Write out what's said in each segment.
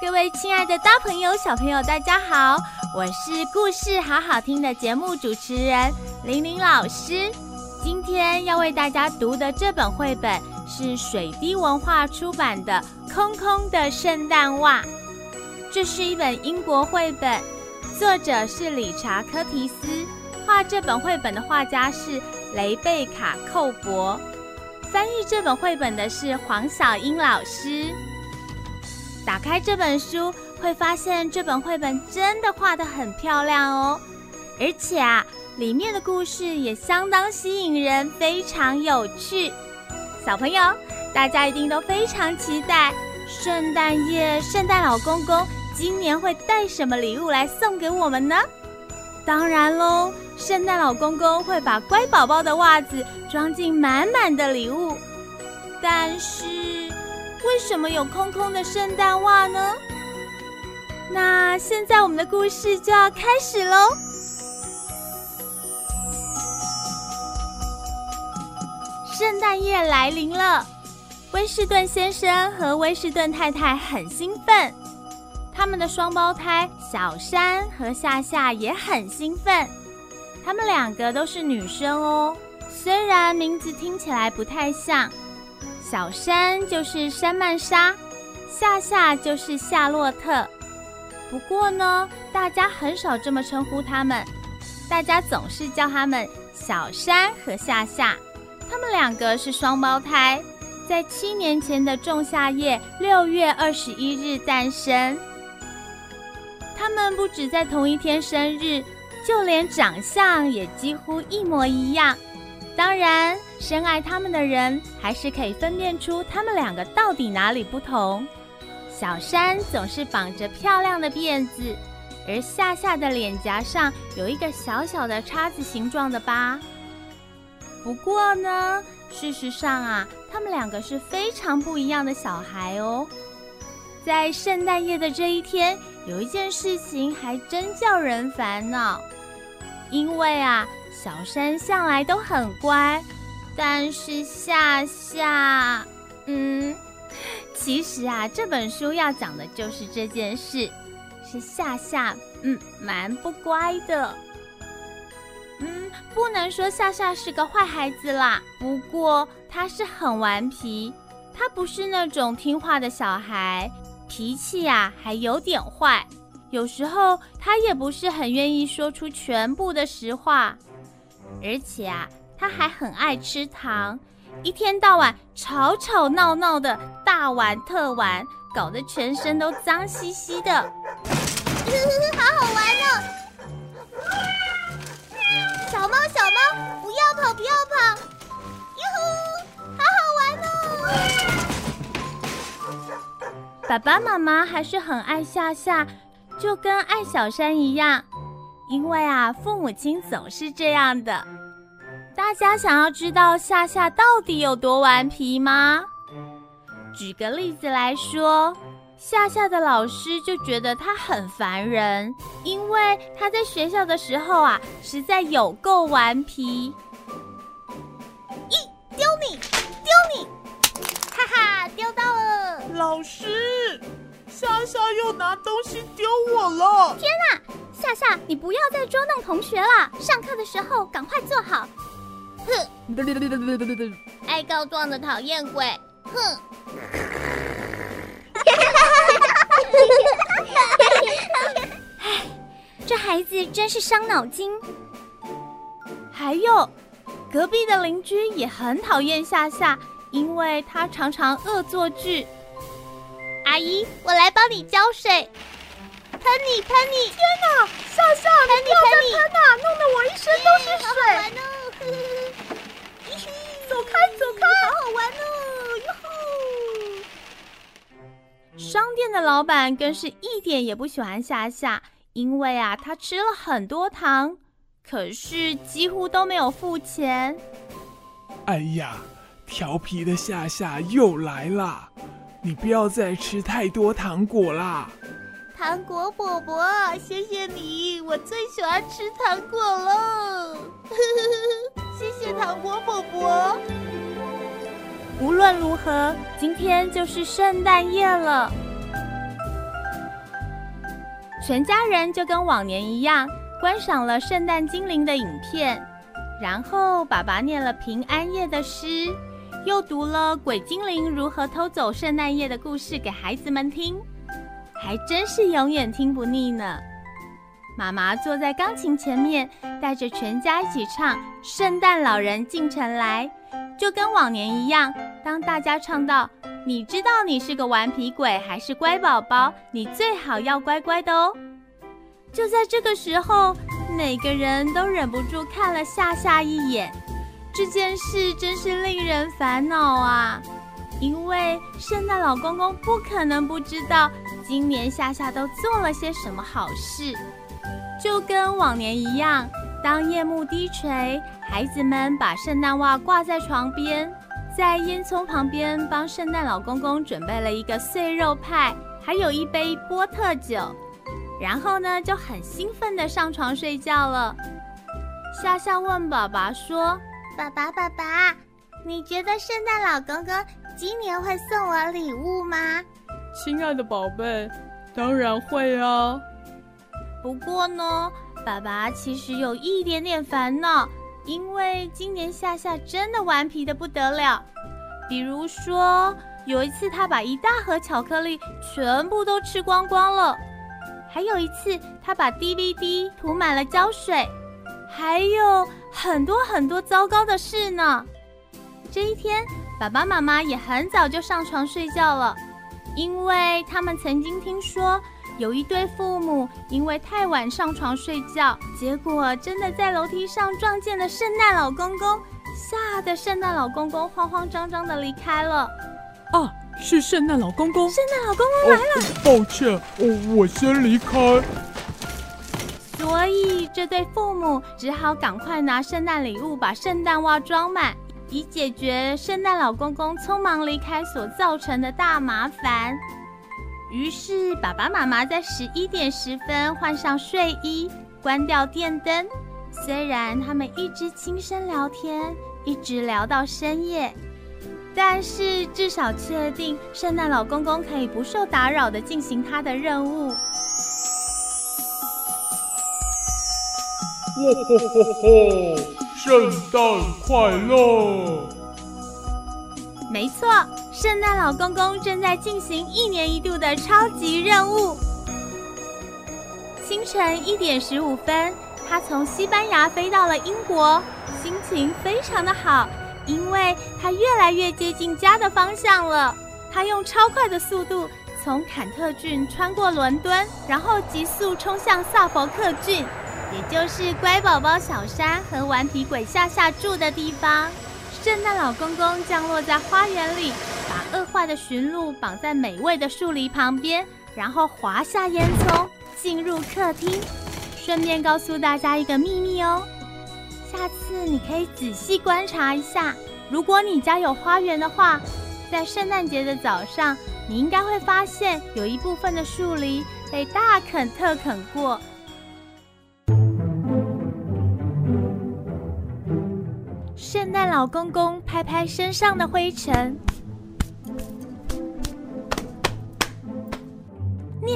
各位親愛的大朋友、小朋友，大家好！我是故事好好聽的節目主持人玲玲老師。今天要為大家讀的這本繪本是水滴文化出版的《空空的聖誕襪》，這是一本英國繪本，作者是理查·科提斯，畫這本繪本的畫家是雷貝卡·寇博，翻譯這本繪本的是黃小英老師。打開這本書，會發現這本繪本真的畫得很漂亮哦，而且啊，裡面的故事也相當吸引人，非常有趣。小朋友，大家一定都非常期待，聖誕夜，聖誕老公公今年會帶什麼禮物來送給我們呢？當然嘍，聖誕老公公會把乖寶寶的襪子裝進滿滿的禮物，但是。為什麼有空空的聖誕襪呢？那現在我們的故事就要開始嘍！聖誕夜來臨了，威士頓先生和威士頓太太很興奮，他們的雙胞胎小姍和夏夏也很興奮，他們兩個都是女生哦，雖然名字聽起來不太像。小姍就是莎曼莎，夏夏就是夏洛特。不過呢，大家很少這麼稱呼他們，大家總是叫他們小姍和夏夏。他們兩個是雙胞胎，在七年前的仲夏夜六月二十一日誕生。他們不止在同一天生日，就連長相也幾乎一模一樣。當然。深愛他們的人還是可以分辨出他們兩個到底哪裡不同。小姍總是綁着漂亮的辮子，而夏夏的臉頰上有一個小小的叉子形狀的疤。不過呢，事實上啊，他們兩個是非常不一樣的小孩哦。在聖誕夜的這一天，有一件事情還真叫人煩惱，因為啊，小姍向來都很乖。但是夏夏，嗯，其實啊，這本書要講的就是這件事，是夏夏，嗯，蠻不乖的，嗯，不能說夏夏是個壞孩子啦，不過他是很頑皮，他不是那種聽話的小孩，脾氣呀還有點壞，有時候他也不是很願意說出全部的實話，而且啊。他還很愛吃糖，一天到晚吵吵鬧鬧，鬧的大玩特玩，搞得全身都髒兮兮的。好好玩呢！小貓小貓，不要跑不要跑！喲呵，好好玩哦！好好玩哦！爸爸媽媽還是很愛夏夏，就跟愛小姍一樣，因為啊，父母親總是這樣的。大家想要知道夏夏到底有多頑皮嗎？舉個例子來說，夏夏的老師就覺得他很煩人，因為他在學校的時候啊，實在有夠頑皮。咦丟你，丟你，哈哈，丟到了！老師，夏夏又拿東西丟我了！天哪，夏夏，你不要再捉弄同學了！上課的時候趕快坐好。哼，愛告狀的討厭鬼，哼！哎，這孩子真是傷腦筋。還有，隔壁的鄰居也很討厭夏夏，因為她常常惡作劇。阿姨，我來幫你澆水。噴你噴你！天吶，夏夏，噴你不要噴吶、啊！弄得我一身都是水。噴你噴你商店的老闆更是一點也不喜歡夏夏，因為啊，他吃了很多糖，可是幾乎都沒有付錢。哎呀，調皮的夏夏又來了！你不要再吃太多糖果啦！糖果伯伯，謝謝你，我最喜歡吃糖果咯。 謝謝糖果伯伯。無論如何，今天就是聖誕夜了。全家人就跟往年一樣，觀賞了聖誕精靈的影片，然後爸爸念了平安夜的詩，又讀了鬼精靈如何偷走聖誕夜的故事給孩子們聽，還真是永遠聽不膩呢。媽媽坐在鋼琴前面，帶着全家一起唱《聖誕老人進城來》。就跟往年一樣，當大家唱到“你知道你是個頑皮鬼還是乖寶寶”，你最好要乖乖的哦。就在這個時候，每個人都忍不住看了夏夏一眼。這件事真是令人煩惱啊，因為聖誕老公公不可能不知道今年夏夏都做了些什麼好事，就跟往年一樣。當夜幕低垂，孩子們把聖誕襪掛在床邊，在煙囪旁邊幫聖誕老公公準備了一個碎肉派，還有一杯波特酒，然後呢就很興奮地上床睡覺了。夏夏問爸爸說：“爸爸，爸爸，你覺得聖誕老公公今年會送我禮物嗎？”親愛的寶貝，當然會啊。不過呢。爸爸其實有一點點煩惱，因為今年夏夏真的頑皮得不得了。比如說，有一次他把一大盒巧克力全部都吃光光了；還有一次他把 DVD 塗滿了膠水，還有很多很多糟糕的事呢。這一天，爸爸媽媽也很早就上床睡覺了，因為他們曾經聽說。有一對父母因為太晚上床睡覺，結果真的在樓梯上撞見了聖誕老公公，嚇得聖誕老公公慌慌張張地離開了。啊，是聖誕老公公！聖誕老公公來了！哦，抱歉，我我先離開。所以這對父母只好趕快拿聖誕禮物把聖誕襪裝滿，以解決聖誕老公公匆忙離開所造成的大麻煩。於是，爸爸媽媽在十一點十分換上睡衣，關掉電燈。雖然他們一直輕聲聊天，一直聊到深夜，但是至少確定聖誕老公公可以不受打擾的進行他的任務。哇哈哈哈！聖誕快樂！沒錯。聖誕老公公正在進行一年一度的超級任務。清晨一點十五分，他從西班牙飛到了英國，心情非常的好，因為他越來越接近家的方向了。他用超快的速度從坎特郡穿過倫敦，然後急速衝向薩福克郡，也就是乖寶寶小姍和頑皮鬼夏夏住的地方。聖誕老公公降落在花園裡。餓壞的馴鹿綁在美味的樹籬旁邊，然後滑下煙囪進入客廳，順便告訴大家一個祕密哦。下次你可以仔細觀察一下，如果你家有花園的話，在聖誕節的早上，你應該會發現有一部分的樹籬被大啃特啃過。聖誕老公公拍拍身上的灰塵，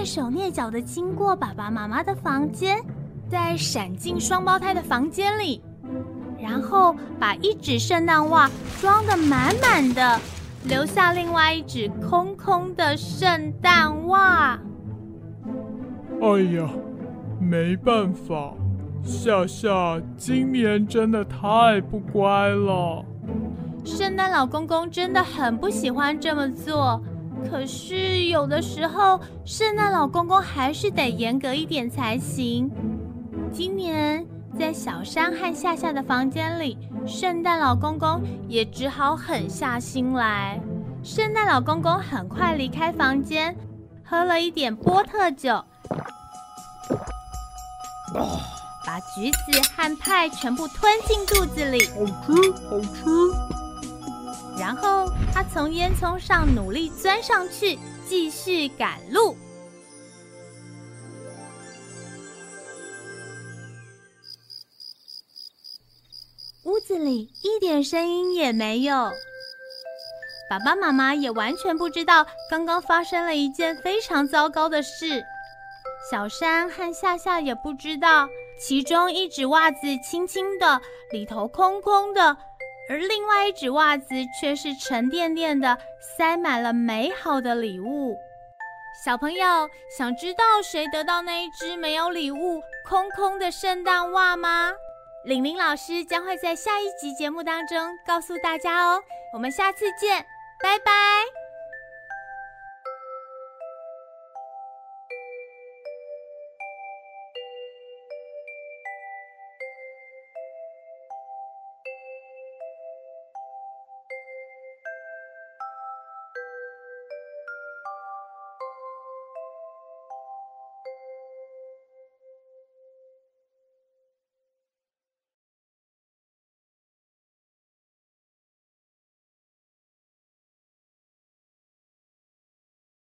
躡手躡腳的經過爸爸媽媽的房間，再閃進雙胞胎的房間裡，然後把一隻聖誕襪裝得滿滿的，留下另外一隻空空的聖誕襪。哎呀，沒辦法，夏夏今年真的太不乖了，聖誕老公公真的很不喜歡這麼做。可是有的時候，聖誕老公公還是得嚴格一點才行。今年在小姍和夏夏的房間裡，聖誕老公公也只好狠下心來。聖誕老公公很快離開房間，喝了一點波特酒，把橘子和派全部吞進肚子裡，好吃，好吃。然後他從煙囪上努力鑽上去，繼續趕路。屋子裡一點聲音也沒有，爸爸媽媽也完全不知道剛剛發生了一件非常糟糕的事。小姍和夏夏也不知道，其中一隻襪子輕輕的，裡頭空空的。而另外一隻襪子卻是沉甸甸的，塞滿了美好的禮物。小朋友想知道誰得到那一隻沒有禮物、空空的聖誕襪嗎？玲玲老師將會在下一集節目當中告訴大家哦。我們下次見，拜拜。